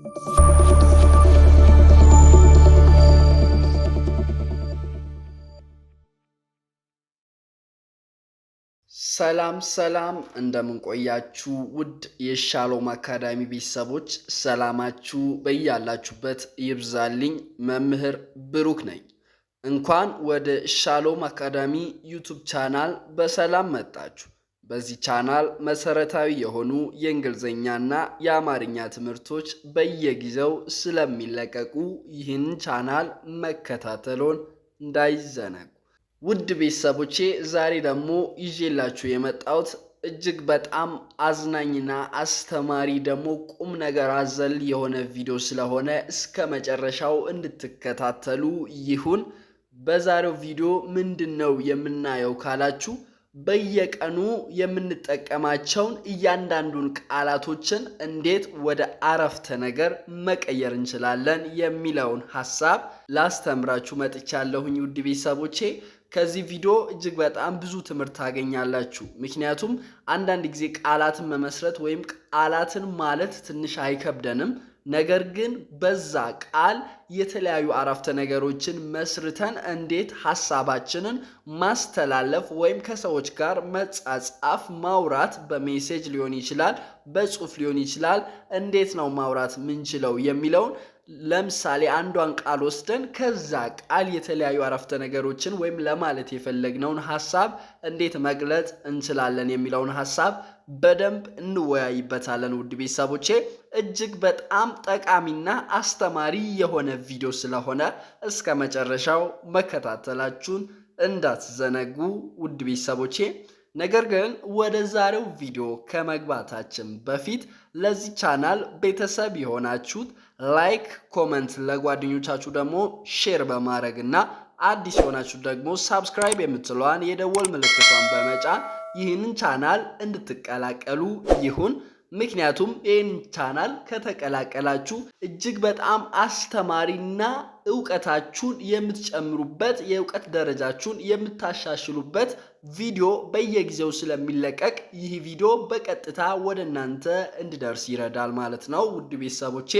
ሰላም ሰላም፣ እንደምንቆያችሁ ውድ የሻሎም አካዳሚ ቤተሰቦች ሰላማችሁ በያላችሁበት ይብዛልኝ። መምህር ብሩክ ነኝ። እንኳን ወደ ሻሎም አካዳሚ ዩቱብ ቻናል በሰላም መጣችሁ። በዚህ ቻናል መሰረታዊ የሆኑ የእንግሊዝኛና የአማርኛ ትምህርቶች በየጊዜው ስለሚለቀቁ ይህን ቻናል መከታተሎን እንዳይዘነጉ። ውድ ቤተሰቦቼ ዛሬ ደግሞ ይዤላችሁ የመጣሁት እጅግ በጣም አዝናኝና አስተማሪ ደግሞ ቁም ነገር አዘል የሆነ ቪዲዮ ስለሆነ እስከ መጨረሻው እንድትከታተሉ ይሁን። በዛሬው ቪዲዮ ምንድን ነው የምናየው ካላችሁ በየቀኑ የምንጠቀማቸውን እያንዳንዱን ቃላቶችን እንዴት ወደ አረፍተ ነገር መቀየር እንችላለን የሚለውን ሀሳብ ላስተምራችሁ መጥቻለሁኝ ውድ ቤተሰቦቼ። ከዚህ ቪዲዮ እጅግ በጣም ብዙ ትምህርት ታገኛላችሁ። ምክንያቱም አንዳንድ ጊዜ ቃላትን መመስረት ወይም ቃላትን ማለት ትንሽ አይከብደንም። ነገር ግን በዛ ቃል የተለያዩ አረፍተ ነገሮችን መስርተን እንዴት ሀሳባችንን ማስተላለፍ ወይም ከሰዎች ጋር መጻጻፍ፣ ማውራት በሜሴጅ ሊሆን ይችላል፣ በጽሁፍ ሊሆን ይችላል። እንዴት ነው ማውራት ምንችለው የሚለውን ለምሳሌ አንዷን ቃል ወስደን ከዛ ቃል የተለያዩ አረፍተ ነገሮችን ወይም ለማለት የፈለግነውን ሀሳብ እንዴት መግለጽ እንችላለን የሚለውን ሀሳብ በደንብ እንወያይበታለን። ውድ ቤተሰቦቼ እጅግ በጣም ጠቃሚና አስተማሪ የሆነ ቪዲዮ ስለሆነ እስከ መጨረሻው መከታተላችሁን እንዳትዘነጉ ውድ ቤተሰቦቼ። ነገር ግን ወደ ዛሬው ቪዲዮ ከመግባታችን በፊት ለዚህ ቻናል ቤተሰብ የሆናችሁት ላይክ፣ ኮመንት ለጓደኞቻችሁ ደግሞ ሼር በማድረግ እና አዲስ የሆናችሁ ደግሞ ሳብስክራይብ የምትለዋን የደወል ምልክቷን በመጫን ይህንን ቻናል እንድትቀላቀሉ ይሁን። ምክንያቱም ይህን ቻናል ከተቀላቀላችሁ እጅግ በጣም አስተማሪና እውቀታችሁን የምትጨምሩበት የእውቀት ደረጃችሁን የምታሻሽሉበት ቪዲዮ በየጊዜው ስለሚለቀቅ ይህ ቪዲዮ በቀጥታ ወደ እናንተ እንዲደርስ ይረዳል ማለት ነው ውድ ቤተሰቦቼ።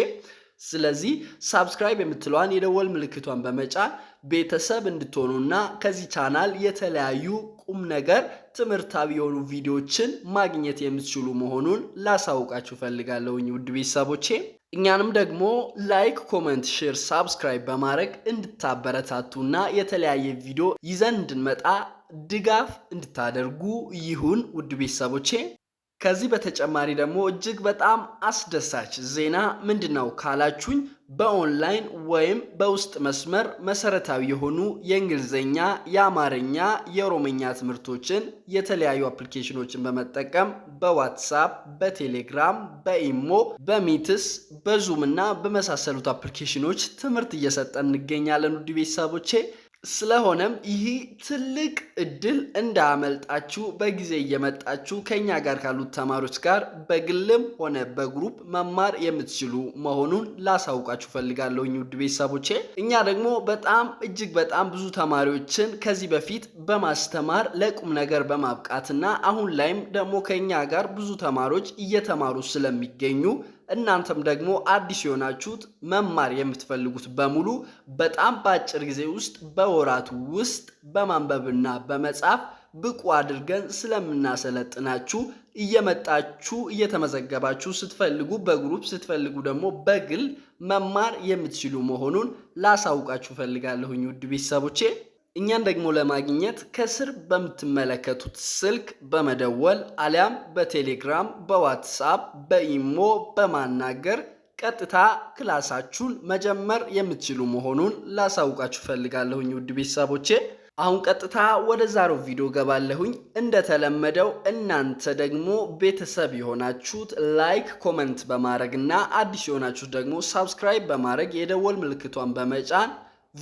ስለዚህ ሳብስክራይብ የምትለዋን የደወል ምልክቷን በመጫን ቤተሰብ እንድትሆኑና ከዚህ ቻናል የተለያዩ ቁም ነገር ትምህርታዊ የሆኑ ቪዲዮዎችን ማግኘት የምትችሉ መሆኑን ላሳውቃችሁ ፈልጋለሁኝ ውድ ቤተሰቦቼ። እኛንም ደግሞ ላይክ፣ ኮመንት፣ ሼር፣ ሳብስክራይብ በማድረግ እንድታበረታቱና የተለያየ ቪዲዮ ይዘን እንድንመጣ ድጋፍ እንድታደርጉ ይሁን ውድ ቤተሰቦቼ። ከዚህ በተጨማሪ ደግሞ እጅግ በጣም አስደሳች ዜና ምንድን ነው ካላችሁኝ በኦንላይን ወይም በውስጥ መስመር መሰረታዊ የሆኑ የእንግሊዝኛ፣ የአማርኛ፣ የኦሮምኛ ትምህርቶችን የተለያዩ አፕሊኬሽኖችን በመጠቀም በዋትሳፕ፣ በቴሌግራም፣ በኢሞ፣ በሚትስ፣ በዙም እና በመሳሰሉት አፕሊኬሽኖች ትምህርት እየሰጠን እንገኛለን። ውድ ቤተሰቦቼ ስለሆነም ይህ ትልቅ እድል እንዳያመልጣችሁ በጊዜ እየመጣችሁ ከኛ ጋር ካሉት ተማሪዎች ጋር በግልም ሆነ በግሩፕ መማር የምትችሉ መሆኑን ላሳውቃችሁ ፈልጋለሁኝ፣ ውድ ቤተሰቦቼ። እኛ ደግሞ በጣም እጅግ በጣም ብዙ ተማሪዎችን ከዚህ በፊት በማስተማር ለቁም ነገር በማብቃትና አሁን ላይም ደግሞ ከኛ ጋር ብዙ ተማሪዎች እየተማሩ ስለሚገኙ እናንተም ደግሞ አዲስ የሆናችሁት መማር የምትፈልጉት በሙሉ በጣም በአጭር ጊዜ ውስጥ በወራቱ ውስጥ በማንበብና በመጻፍ ብቁ አድርገን ስለምናሰለጥናችሁ እየመጣችሁ እየተመዘገባችሁ ስትፈልጉ በግሩፕ ስትፈልጉ ደግሞ በግል መማር የምትችሉ መሆኑን ላሳውቃችሁ ፈልጋለሁኝ ውድ ቤተሰቦቼ። እኛን ደግሞ ለማግኘት ከስር በምትመለከቱት ስልክ በመደወል አሊያም በቴሌግራም፣ በዋትሳፕ፣ በኢሞ በማናገር ቀጥታ ክላሳችሁን መጀመር የምትችሉ መሆኑን ላሳውቃችሁ ፈልጋለሁኝ ውድ ቤተሰቦቼ። አሁን ቀጥታ ወደ ዛሬው ቪዲዮ ገባለሁኝ። እንደተለመደው እናንተ ደግሞ ቤተሰብ የሆናችሁት ላይክ፣ ኮመንት በማድረግ እና አዲስ የሆናችሁት ደግሞ ሳብስክራይብ በማድረግ የደወል ምልክቷን በመጫን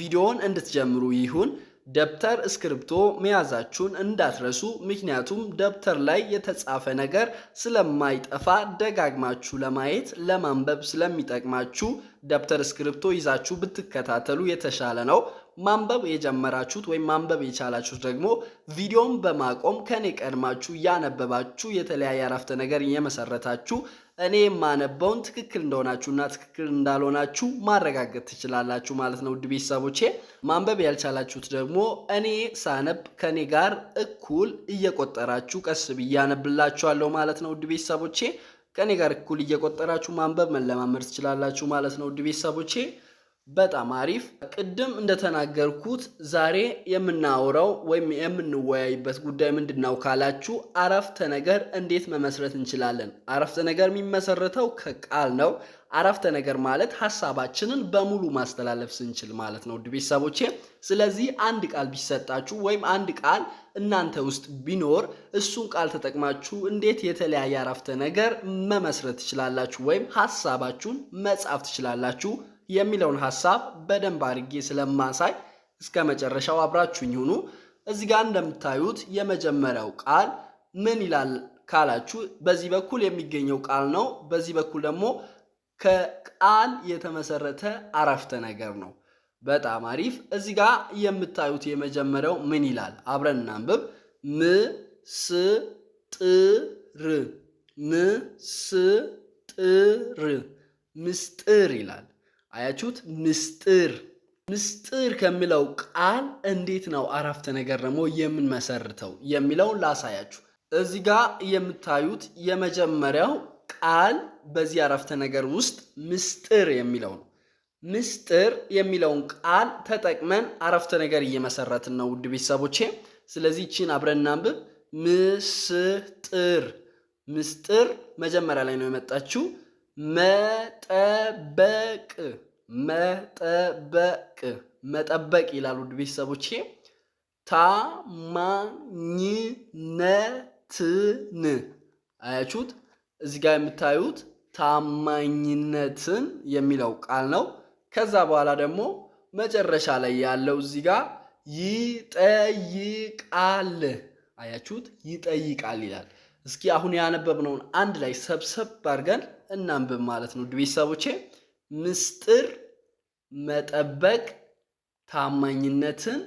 ቪዲዮውን እንድትጀምሩ ይሁን። ደብተር እስክሪብቶ መያዛችሁን እንዳትረሱ። ምክንያቱም ደብተር ላይ የተጻፈ ነገር ስለማይጠፋ ደጋግማችሁ ለማየት ለማንበብ ስለሚጠቅማችሁ ደብተር እስክሪብቶ ይዛችሁ ብትከታተሉ የተሻለ ነው። ማንበብ የጀመራችሁት ወይም ማንበብ የቻላችሁት ደግሞ ቪዲዮን በማቆም ከኔ ቀድማችሁ ያነበባችሁ የተለያየ አረፍተ ነገር የመሰረታችሁ እኔ የማነባውን ትክክል እንደሆናችሁእና ትክክል እንዳልሆናችሁ ማረጋገጥ ትችላላችሁ ማለት ነው። ውድ ቤተሰቦቼ ማንበብ ያልቻላችሁት ደግሞ እኔ ሳነብ ከእኔ ጋር እኩል እየቆጠራችሁ ቀስ ብዬ አነብላችኋለሁ ማለት ነው። ውድ ቤተሰቦቼ ከእኔ ጋር እኩል እየቆጠራችሁ ማንበብ መለማመድ ትችላላችሁ ማለት ነው። ውድ ቤተሰቦቼ በጣም አሪፍ። ቅድም እንደተናገርኩት ዛሬ የምናወራው ወይም የምንወያይበት ጉዳይ ምንድን ነው ካላችሁ አረፍተ ነገር እንዴት መመስረት እንችላለን። አረፍተ ነገር የሚመሰረተው ከቃል ነው። አረፍተ ነገር ማለት ሀሳባችንን በሙሉ ማስተላለፍ ስንችል ማለት ነው፣ ውድ ቤተሰቦቼ። ስለዚህ አንድ ቃል ቢሰጣችሁ ወይም አንድ ቃል እናንተ ውስጥ ቢኖር እሱን ቃል ተጠቅማችሁ እንዴት የተለያየ አረፍተ ነገር መመስረት ትችላላችሁ ወይም ሀሳባችሁን መጻፍ ትችላላችሁ የሚለውን ሀሳብ በደንብ አድርጌ ስለማሳይ እስከ መጨረሻው አብራችሁኝ ሁኑ። እዚህ ጋር እንደምታዩት የመጀመሪያው ቃል ምን ይላል ካላችሁ በዚህ በኩል የሚገኘው ቃል ነው። በዚህ በኩል ደግሞ ከቃል የተመሰረተ አረፍተ ነገር ነው። በጣም አሪፍ። እዚህ ጋር የምታዩት የመጀመሪያው ምን ይላል? አብረን እናንብብ። ምስጥር ምስጥር ምስጥር ይላል። አያችሁት? ምስጢር ምስጢር ከሚለው ቃል እንዴት ነው አረፍተ ነገር ደግሞ የምንመሰርተው የሚለው ላሳያችሁ። እዚህ ጋር የምታዩት የመጀመሪያው ቃል በዚህ አረፍተ ነገር ውስጥ ምስጢር የሚለው ነው። ምስጢር የሚለውን ቃል ተጠቅመን አረፍተ ነገር እየመሰረትን ነው ውድ ቤተሰቦቼ። ስለዚህ ቺን አብረን እናንብብ። ምስጢር ምስጢር መጀመሪያ ላይ ነው የመጣችው። መጠበቅ መጠበቅ መጠበቅ ይላሉ ውድ ቤተሰቦቼ። ታማኝነትን አያችሁት? እዚህ ጋር የምታዩት ታማኝነትን የሚለው ቃል ነው። ከዛ በኋላ ደግሞ መጨረሻ ላይ ያለው እዚህ ጋር ይጠይቃል። አያችሁት? ይጠይቃል ይላል። እስኪ አሁን ያነበብነውን አንድ ላይ ሰብሰብ አድርገን እናንብብ ማለት ነው ውድ ቤተሰቦቼ ምስጢር መጠበቅ ታማኝነትን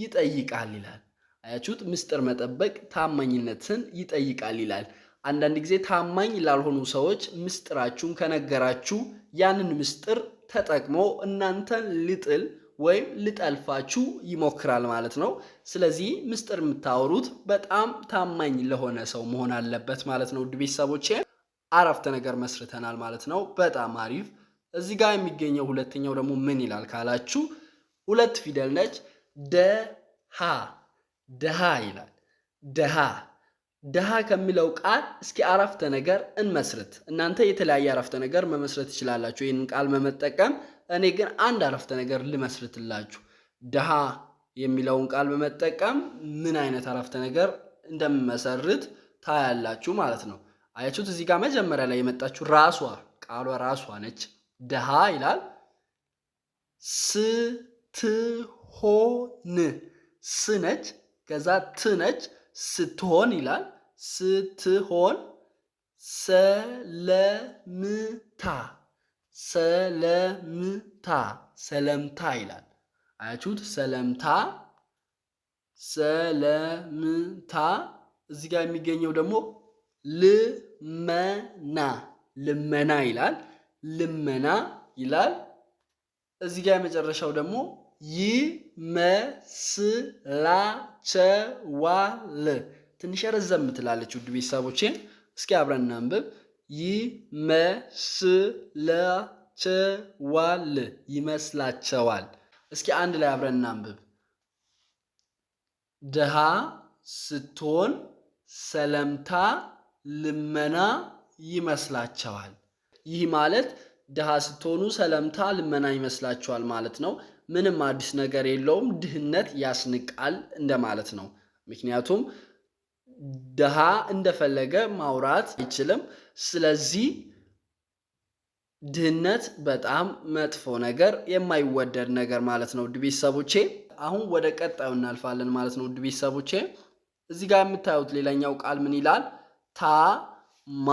ይጠይቃል ይላል። አያችሁት? ምስጢር መጠበቅ ታማኝነትን ይጠይቃል ይላል። አንዳንድ ጊዜ ታማኝ ላልሆኑ ሰዎች ምስጢራችሁን ከነገራችሁ ያንን ምስጢር ተጠቅሞ እናንተን ልጥል ወይም ልጠልፋችሁ ይሞክራል ማለት ነው። ስለዚህ ምስጢር የምታወሩት በጣም ታማኝ ለሆነ ሰው መሆን አለበት ማለት ነው። ውድ ቤተሰቦቼ አረፍተ ነገር መስርተናል ማለት ነው። በጣም አሪፍ እዚህ ጋር የሚገኘው ሁለተኛው ደግሞ ምን ይላል ካላችሁ ሁለት ፊደል ነች። ደሃ ደሃ ይላል። ደሃ ደሃ ከሚለው ቃል እስኪ አረፍተ ነገር እንመስርት። እናንተ የተለያየ አረፍተ ነገር መመስረት ትችላላችሁ ይህንን ቃል በመጠቀም። እኔ ግን አንድ አረፍተ ነገር ልመስርትላችሁ። ደሃ የሚለውን ቃል በመጠቀም ምን አይነት አረፍተ ነገር እንደምመሰርት ታያላችሁ ማለት ነው። አያችሁት? እዚህ ጋር መጀመሪያ ላይ የመጣችሁ ራሷ ቃሏ ራሷ ነች። ድሃ ይላል። ስትሆን ስነች ከዛ ት ነች፣ ስትሆን ይላል። ስትሆን ሰለምታ ሰለምታ ሰለምታ ይላል። አያችሁት? ሰለምታ ሰለምታ። እዚህ ጋር የሚገኘው ደግሞ ልመና ልመና ይላል። ልመና ይላል። እዚህ ጋር የመጨረሻው ደግሞ ይመስላቸዋል። ትንሽ ረዘም ትላለች። ውድ ቤተሰቦቼ፣ እስኪ አብረን እናንብብ። ይመስላቸዋል፣ ይመስላቸዋል። እስኪ አንድ ላይ አብረን እናንብብ። ድሃ ስትሆን ሰለምታ ልመና ይመስላቸዋል ይህ ማለት ድሃ ስትሆኑ ሰለምታ ልመና ይመስላችኋል ማለት ነው። ምንም አዲስ ነገር የለውም። ድህነት ያስንቃል እንደማለት ነው። ምክንያቱም ድሃ እንደፈለገ ማውራት አይችልም። ስለዚህ ድህነት በጣም መጥፎ ነገር፣ የማይወደድ ነገር ማለት ነው። ውድ ቤተሰቦቼ አሁን ወደ ቀጣዩ እናልፋለን ማለት ነው። ውድ ቤተሰቦቼ እዚህ ጋር የምታዩት ሌላኛው ቃል ምን ይላል? ታማ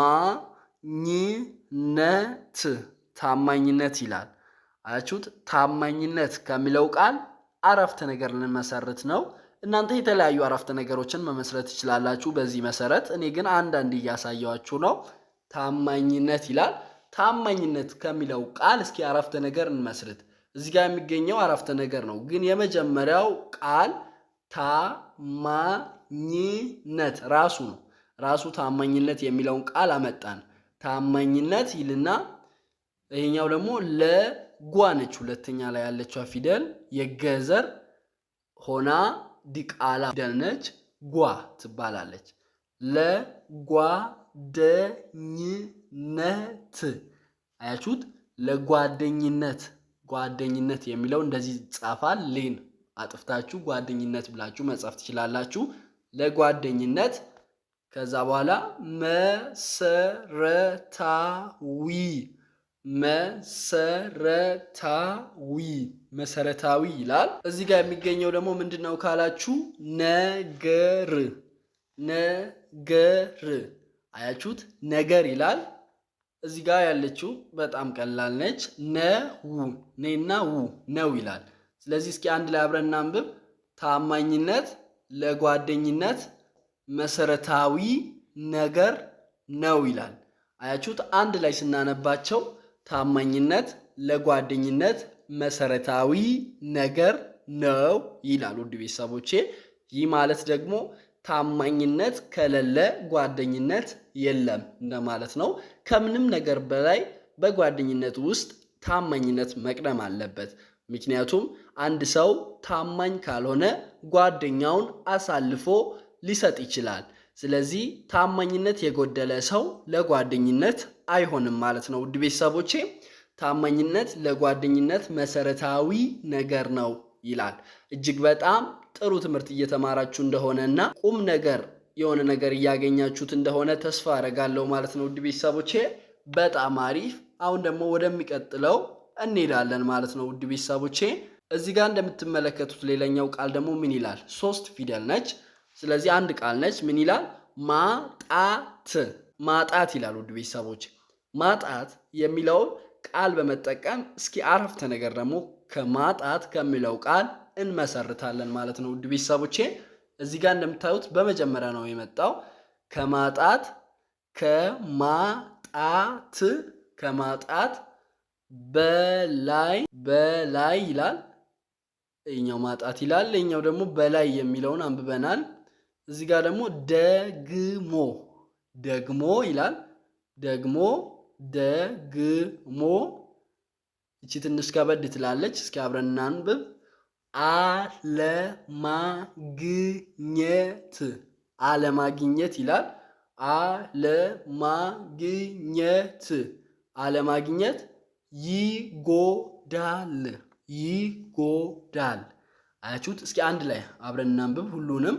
ኝነት ታማኝነት ይላል። አያችሁት? ታማኝነት ከሚለው ቃል አረፍተ ነገር ልንመሰርት ነው። እናንተ የተለያዩ አረፍተ ነገሮችን መመስረት ትችላላችሁ በዚህ መሰረት። እኔ ግን አንዳንድ እያሳየዋችሁ ነው። ታማኝነት ይላል። ታማኝነት ከሚለው ቃል እስኪ አረፍተ ነገር እንመስርት። እዚህ ጋር የሚገኘው አረፍተ ነገር ነው፣ ግን የመጀመሪያው ቃል ታማኝነት ራሱ ነው። ራሱ ታማኝነት የሚለውን ቃል አመጣን። ታማኝነት ይልና ይሄኛው ደግሞ ለጓ ነች። ሁለተኛ ላይ ያለችዋ ፊደል የገዘር ሆና ዲቃላ ፊደል ነች። ጓ ትባላለች። ለጓደኝነት አያችሁት? ለጓደኝነት ጓደኝነት የሚለው እንደዚህ ይጻፋል። ሌን አጥፍታችሁ ጓደኝነት ብላችሁ መጻፍ ትችላላችሁ። ለጓደኝነት ከዛ በኋላ መሰረታዊ መሰረታዊ መሰረታዊ ይላል። እዚህ ጋር የሚገኘው ደግሞ ምንድን ነው ካላችሁ ነገር ነገር አያችሁት? ነገር ይላል። እዚህ ጋር ያለችው በጣም ቀላል ነች። ነው ኔና ው ነው ይላል። ስለዚህ እስኪ አንድ ላይ አብረን እናንብብ። ታማኝነት ለጓደኝነት መሰረታዊ ነገር ነው ይላል። አያችሁት? አንድ ላይ ስናነባቸው ታማኝነት ለጓደኝነት መሰረታዊ ነገር ነው ይላል። ውድ ቤተሰቦቼ ይህ ማለት ደግሞ ታማኝነት ከሌለ ጓደኝነት የለም እንደማለት ነው። ከምንም ነገር በላይ በጓደኝነት ውስጥ ታማኝነት መቅደም አለበት። ምክንያቱም አንድ ሰው ታማኝ ካልሆነ ጓደኛውን አሳልፎ ሊሰጥ ይችላል። ስለዚህ ታማኝነት የጎደለ ሰው ለጓደኝነት አይሆንም ማለት ነው። ውድ ቤተሰቦቼ ታማኝነት ለጓደኝነት መሰረታዊ ነገር ነው ይላል። እጅግ በጣም ጥሩ ትምህርት እየተማራችሁ እንደሆነ እና ቁም ነገር የሆነ ነገር እያገኛችሁት እንደሆነ ተስፋ አረጋለሁ ማለት ነው። ውድ ቤተሰቦቼ በጣም አሪፍ። አሁን ደግሞ ወደሚቀጥለው እንሄዳለን ማለት ነው። ውድ ቤተሰቦቼ እዚህ ጋር እንደምትመለከቱት ሌላኛው ቃል ደግሞ ምን ይላል? ሶስት ፊደል ነች። ስለዚህ አንድ ቃል ነች። ምን ይላል? ማጣት ማጣት ይላል። ውድ ቤተሰቦች ማጣት የሚለውን ቃል በመጠቀም እስኪ አረፍተ ነገር ደግሞ ከማጣት ከሚለው ቃል እንመሰርታለን ማለት ነው። ውድ ቤተሰቦቼ እዚህ ጋር እንደምታዩት በመጀመሪያ ነው የመጣው ከማጣት ከማጣት ከማጣት በላይ በላይ ይላል። ይኛው ማጣት ይላል። ይኛው ደግሞ በላይ የሚለውን አንብበናል። እዚህ ጋር ደግሞ ደግሞ ደግሞ ይላል። ደግሞ ደግሞ እቺ ትንሽ ከበድ ትላለች። እስኪ አብረን እናንብብ። አለማግኘት አለማግኘት ይላል። አለማግኘት አለማግኘት ይጎዳል ይጎዳል። አያችሁት? እስኪ አንድ ላይ አብረን እናንብብ ሁሉንም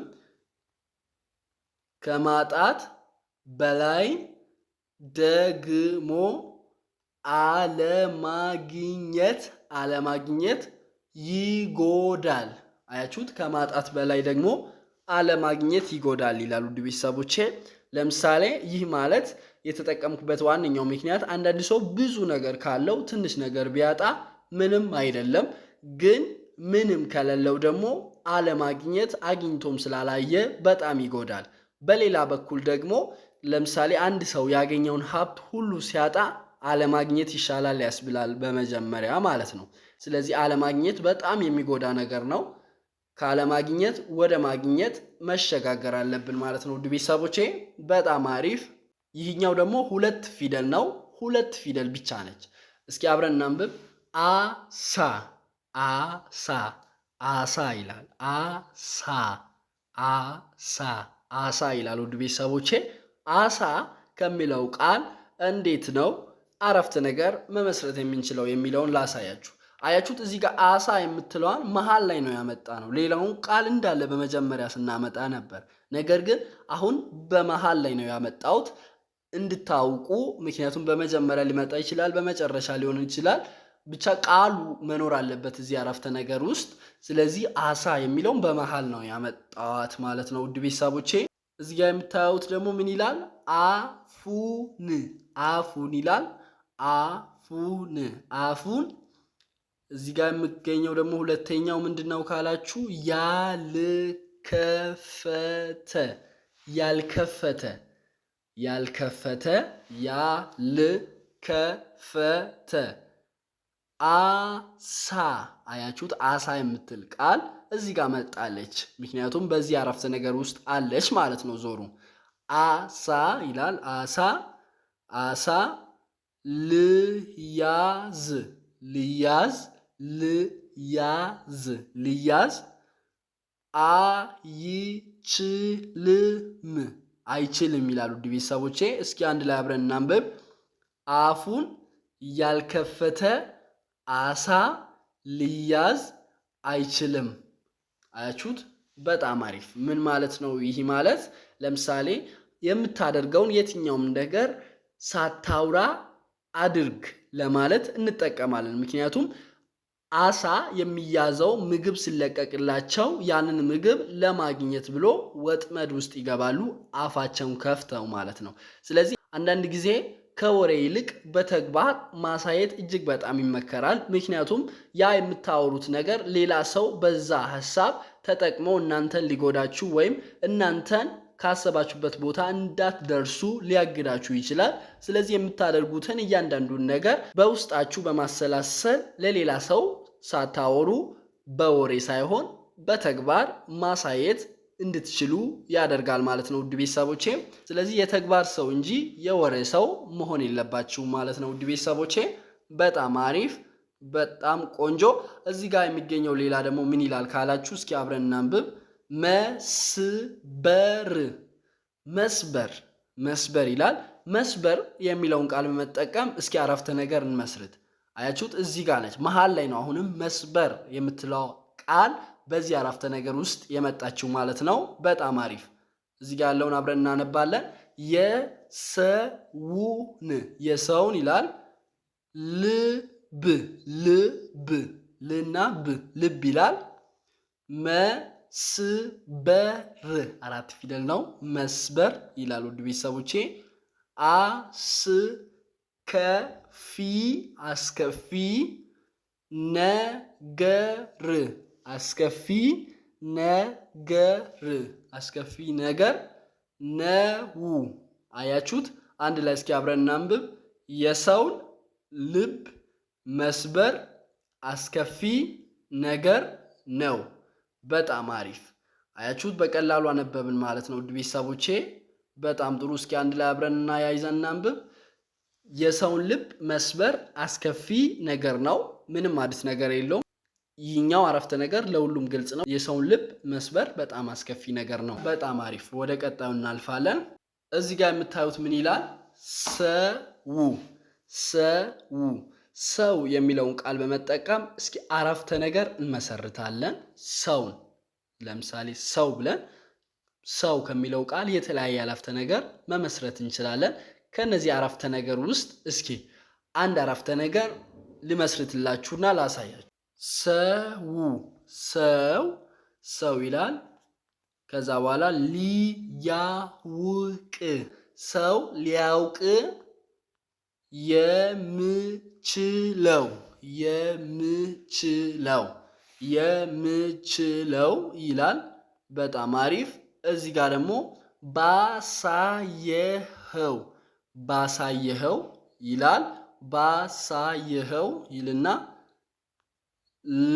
ከማጣት በላይ ደግሞ አለማግኘት አለማግኘት ይጎዳል። አያችሁት? ከማጣት በላይ ደግሞ አለማግኘት ይጎዳል ይላሉ ውድ ቤተሰቦቼ። ለምሳሌ ይህ ማለት የተጠቀምኩበት ዋነኛው ምክንያት አንዳንድ ሰው ብዙ ነገር ካለው ትንሽ ነገር ቢያጣ ምንም አይደለም፣ ግን ምንም ከሌለው ደግሞ አለማግኘት አግኝቶም ስላላየ በጣም ይጎዳል። በሌላ በኩል ደግሞ ለምሳሌ አንድ ሰው ያገኘውን ሀብት ሁሉ ሲያጣ አለማግኘት ይሻላል ያስብላል በመጀመሪያ ማለት ነው። ስለዚህ አለማግኘት በጣም የሚጎዳ ነገር ነው። ከአለማግኘት ወደ ማግኘት መሸጋገር አለብን ማለት ነው። ውድ ቤተሰቦቼ በጣም አሪፍ። ይህኛው ደግሞ ሁለት ፊደል ነው። ሁለት ፊደል ብቻ ነች። እስኪ አብረን እናንብብ። አሳ አሳ አሳ ይላል። አሳ አሳ አሳ ይላል። ውድ ቤተሰቦቼ አሳ ከሚለው ቃል እንዴት ነው አረፍተ ነገር መመስረት የምንችለው የሚለውን ላሳያችሁ። አያችሁት? እዚህ ጋር አሳ የምትለዋን መሀል ላይ ነው ያመጣ ነው። ሌላውን ቃል እንዳለ በመጀመሪያ ስናመጣ ነበር። ነገር ግን አሁን በመሀል ላይ ነው ያመጣሁት እንድታውቁ። ምክንያቱም በመጀመሪያ ሊመጣ ይችላል፣ በመጨረሻ ሊሆን ይችላል። ብቻ ቃሉ መኖር አለበት እዚህ አረፍተ ነገር ውስጥ። ስለዚህ አሳ የሚለውን በመሃል ነው ያመጣዋት ማለት ነው። ውድ ቤተሰቦቼ እዚህ ጋር የምታዩት ደግሞ ምን ይላል? አፉን አፉን ይላል። አፉን አፉን እዚህ ጋር የምገኘው ደግሞ ሁለተኛው ምንድን ነው ካላችሁ፣ ያልከፈተ ያልከፈተ ያልከፈተ ያልከፈተ አሳ አያችሁት? አሳ የምትል ቃል እዚህ ጋር መጣለች። ምክንያቱም በዚህ አረፍተ ነገር ውስጥ አለች ማለት ነው። ዞሩ አሳ ይላል። አሳ አሳ ልያዝ ልያዝ ልያዝ ልያዝ አይችልም አይችልም ይላሉ ውድ ቤተሰቦቼ። እስኪ አንድ ላይ አብረን እናንበብ። አፉን ያልከፈተ አሳ ሊያዝ አይችልም። አያችሁት? በጣም አሪፍ። ምን ማለት ነው? ይህ ማለት ለምሳሌ የምታደርገውን የትኛውም ነገር ሳታውራ አድርግ ለማለት እንጠቀማለን። ምክንያቱም አሳ የሚያዘው ምግብ ሲለቀቅላቸው ያንን ምግብ ለማግኘት ብሎ ወጥመድ ውስጥ ይገባሉ፣ አፋቸውን ከፍተው ማለት ነው። ስለዚህ አንዳንድ ጊዜ ከወሬ ይልቅ በተግባር ማሳየት እጅግ በጣም ይመከራል። ምክንያቱም ያ የምታወሩት ነገር ሌላ ሰው በዛ ሀሳብ ተጠቅሞ እናንተን ሊጎዳችሁ ወይም እናንተን ካሰባችሁበት ቦታ እንዳትደርሱ ሊያግዳችሁ ይችላል። ስለዚህ የምታደርጉትን እያንዳንዱን ነገር በውስጣችሁ በማሰላሰል ለሌላ ሰው ሳታወሩ በወሬ ሳይሆን በተግባር ማሳየት እንድትችሉ ያደርጋል ማለት ነው ውድ ቤተሰቦቼ። ስለዚህ የተግባር ሰው እንጂ የወሬ ሰው መሆን የለባችሁም ማለት ነው ውድ ቤተሰቦቼ። በጣም አሪፍ በጣም ቆንጆ። እዚህ ጋር የሚገኘው ሌላ ደግሞ ምን ይላል ካላችሁ እስኪ አብረን እናንብብ። መስበር መስበር መስበር ይላል። መስበር የሚለውን ቃል በመጠቀም እስኪ አረፍተ ነገር እንመስርት። አያችሁት? እዚህ ጋር ነች መሀል ላይ ነው አሁንም መስበር የምትለው ቃል በዚህ አረፍተ ነገር ውስጥ የመጣችው ማለት ነው። በጣም አሪፍ። እዚህ ጋር ያለውን አብረን እናነባለን። የሰውን የሰውን ይላል ልብ ልብ ልና ብ ልብ ይላል። መስበር አራት ፊደል ነው። መስበር ይላል። ውድ ቤተሰቦቼ አስከፊ አስከፊ ነገር አስከፊ ነገር አስከፊ ነገር ነው። አያችሁት? አንድ ላይ እስኪ አብረን እናንብብ። የሰውን ልብ መስበር አስከፊ ነገር ነው። በጣም አሪፍ አያችሁት? በቀላሉ አነበብን ማለት ነው። ውድ ቤተሰቦቼ በጣም ጥሩ። እስኪ አንድ ላይ አብረን እና እናንብብ። የሰውን ልብ መስበር አስከፊ ነገር ነው። ምንም አዲስ ነገር የለውም። ይህኛው አረፍተ ነገር ለሁሉም ግልጽ ነው። የሰውን ልብ መስበር በጣም አስከፊ ነገር ነው። በጣም አሪፍ። ወደ ቀጣዩ እናልፋለን። እዚህ ጋር የምታዩት ምን ይላል? ሰው ሰው ሰው የሚለውን ቃል በመጠቀም እስኪ አረፍተ ነገር እንመሰርታለን። ሰውን ለምሳሌ ሰው ብለን ሰው ከሚለው ቃል የተለያየ አረፍተ ነገር መመስረት እንችላለን። ከእነዚህ አረፍተ ነገር ውስጥ እስኪ አንድ አረፍተ ነገር ልመስርትላችሁና ላሳያችሁ። ሰው ሰው ሰው ይላል። ከዛ በኋላ ሊያውቅ ሰው ሊያውቅ የምችለው የምችለው የምችለው ይላል። በጣም አሪፍ። እዚህ ጋር ደግሞ ባሳየኸው ባሳየኸው ይላል። ባሳየኸው ይልና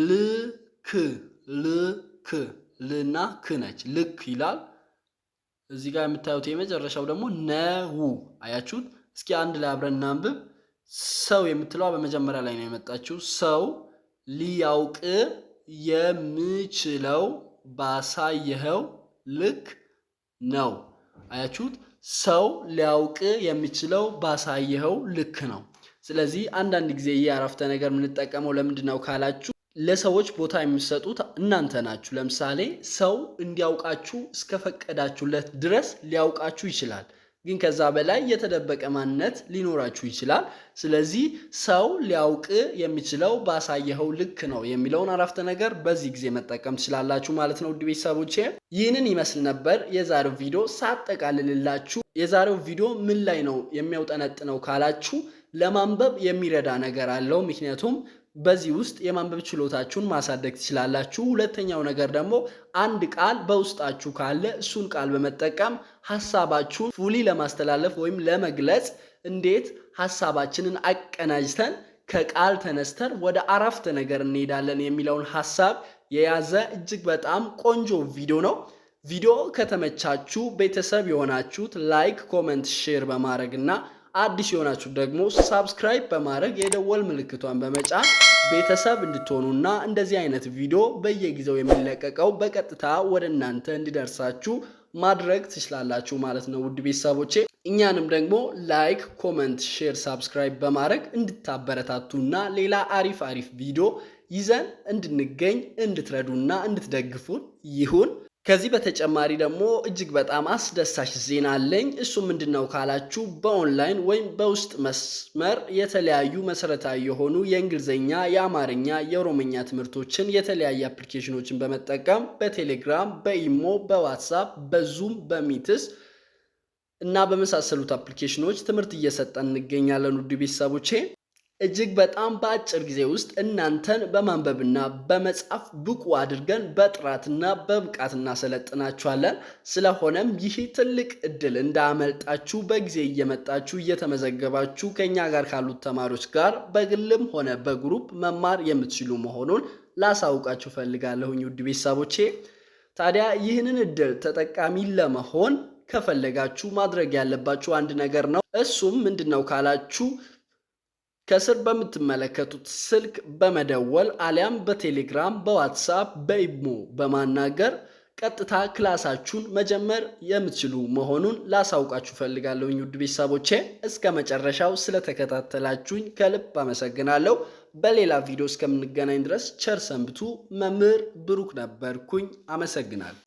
ልክ ልክ ልና ክ ነች ልክ ይላል። እዚህ ጋር የምታዩት የመጨረሻው ደግሞ ነው። አያችሁት? እስኪ አንድ ላይ አብረን እናንብብ። ሰው የምትለዋ በመጀመሪያ ላይ ነው የመጣችው። ሰው ሊያውቅ የምችለው ባሳየኸው ልክ ነው። አያችሁት? ሰው ሊያውቅ የሚችለው ባሳየኸው ልክ ነው። ስለዚህ አንዳንድ ጊዜ ይህ አረፍተ ነገር የምንጠቀመው ለምንድን ነው ካላችሁ ለሰዎች ቦታ የሚሰጡት እናንተ ናችሁ። ለምሳሌ ሰው እንዲያውቃችሁ እስከፈቀዳችሁለት ድረስ ሊያውቃችሁ ይችላል፣ ግን ከዛ በላይ የተደበቀ ማንነት ሊኖራችሁ ይችላል። ስለዚህ ሰው ሊያውቅ የሚችለው ባሳየኸው ልክ ነው የሚለውን አረፍተ ነገር በዚህ ጊዜ መጠቀም ትችላላችሁ ማለት ነው። ውድ ቤተሰቦቼ ይህንን ይመስል ነበር የዛሬው ቪዲዮ። ሳጠቃልልላችሁ የዛሬው ቪዲዮ ምን ላይ ነው የሚያውጠነጥነው ካላችሁ ለማንበብ የሚረዳ ነገር አለው ምክንያቱም በዚህ ውስጥ የማንበብ ችሎታችሁን ማሳደግ ትችላላችሁ። ሁለተኛው ነገር ደግሞ አንድ ቃል በውስጣችሁ ካለ እሱን ቃል በመጠቀም ሀሳባችሁን ፉሊ ለማስተላለፍ ወይም ለመግለጽ እንዴት ሀሳባችንን አቀናጅተን ከቃል ተነስተን ወደ አረፍተ ነገር እንሄዳለን የሚለውን ሀሳብ የያዘ እጅግ በጣም ቆንጆ ቪዲዮ ነው። ቪዲዮ ከተመቻችሁ ቤተሰብ የሆናችሁት ላይክ፣ ኮመንት፣ ሼር በማድረግ እና አዲስ የሆናችሁ ደግሞ ሳብስክራይብ በማድረግ የደወል ምልክቷን በመጫን ቤተሰብ እንድትሆኑና እንደዚህ አይነት ቪዲዮ በየጊዜው የሚለቀቀው በቀጥታ ወደ እናንተ እንዲደርሳችሁ ማድረግ ትችላላችሁ ማለት ነው። ውድ ቤተሰቦቼ እኛንም ደግሞ ላይክ፣ ኮመንት፣ ሼር፣ ሳብስክራይብ በማድረግ እንድታበረታቱና ሌላ አሪፍ አሪፍ ቪዲዮ ይዘን እንድንገኝ እንድትረዱና እንድትደግፉን ይሁን። ከዚህ በተጨማሪ ደግሞ እጅግ በጣም አስደሳች ዜና አለኝ። እሱ ምንድን ነው ካላችሁ በኦንላይን ወይም በውስጥ መስመር የተለያዩ መሰረታዊ የሆኑ የእንግሊዝኛ፣ የአማርኛ፣ የኦሮምኛ ትምህርቶችን የተለያዩ አፕሊኬሽኖችን በመጠቀም በቴሌግራም፣ በኢሞ፣ በዋትሳፕ፣ በዙም፣ በሚትስ እና በመሳሰሉት አፕሊኬሽኖች ትምህርት እየሰጠን እንገኛለን ውድ ቤተሰቦቼ እጅግ በጣም በአጭር ጊዜ ውስጥ እናንተን በማንበብና በመጻፍ ብቁ አድርገን በጥራትና በብቃት እናሰለጥናችኋለን። ስለሆነም ይህ ትልቅ እድል እንዳመልጣችሁ በጊዜ እየመጣችሁ እየተመዘገባችሁ ከኛ ጋር ካሉት ተማሪዎች ጋር በግልም ሆነ በግሩፕ መማር የምትችሉ መሆኑን ላሳውቃችሁ ፈልጋለሁኝ ውድ ቤተሰቦቼ። ታዲያ ይህንን እድል ተጠቃሚ ለመሆን ከፈለጋችሁ ማድረግ ያለባችሁ አንድ ነገር ነው። እሱም ምንድን ነው ካላችሁ ከስር በምትመለከቱት ስልክ በመደወል አሊያም በቴሌግራም፣ በዋትሳፕ፣ በኢሞ በማናገር ቀጥታ ክላሳችሁን መጀመር የምትችሉ መሆኑን ላሳውቃችሁ ፈልጋለሁኝ። ውድ ቤተሰቦቼ እስከ መጨረሻው ስለተከታተላችሁኝ ከልብ አመሰግናለሁ። በሌላ ቪዲዮ እስከምንገናኝ ድረስ ቸር ሰንብቱ። መምህር ብሩክ ነበርኩኝ። አመሰግናለሁ።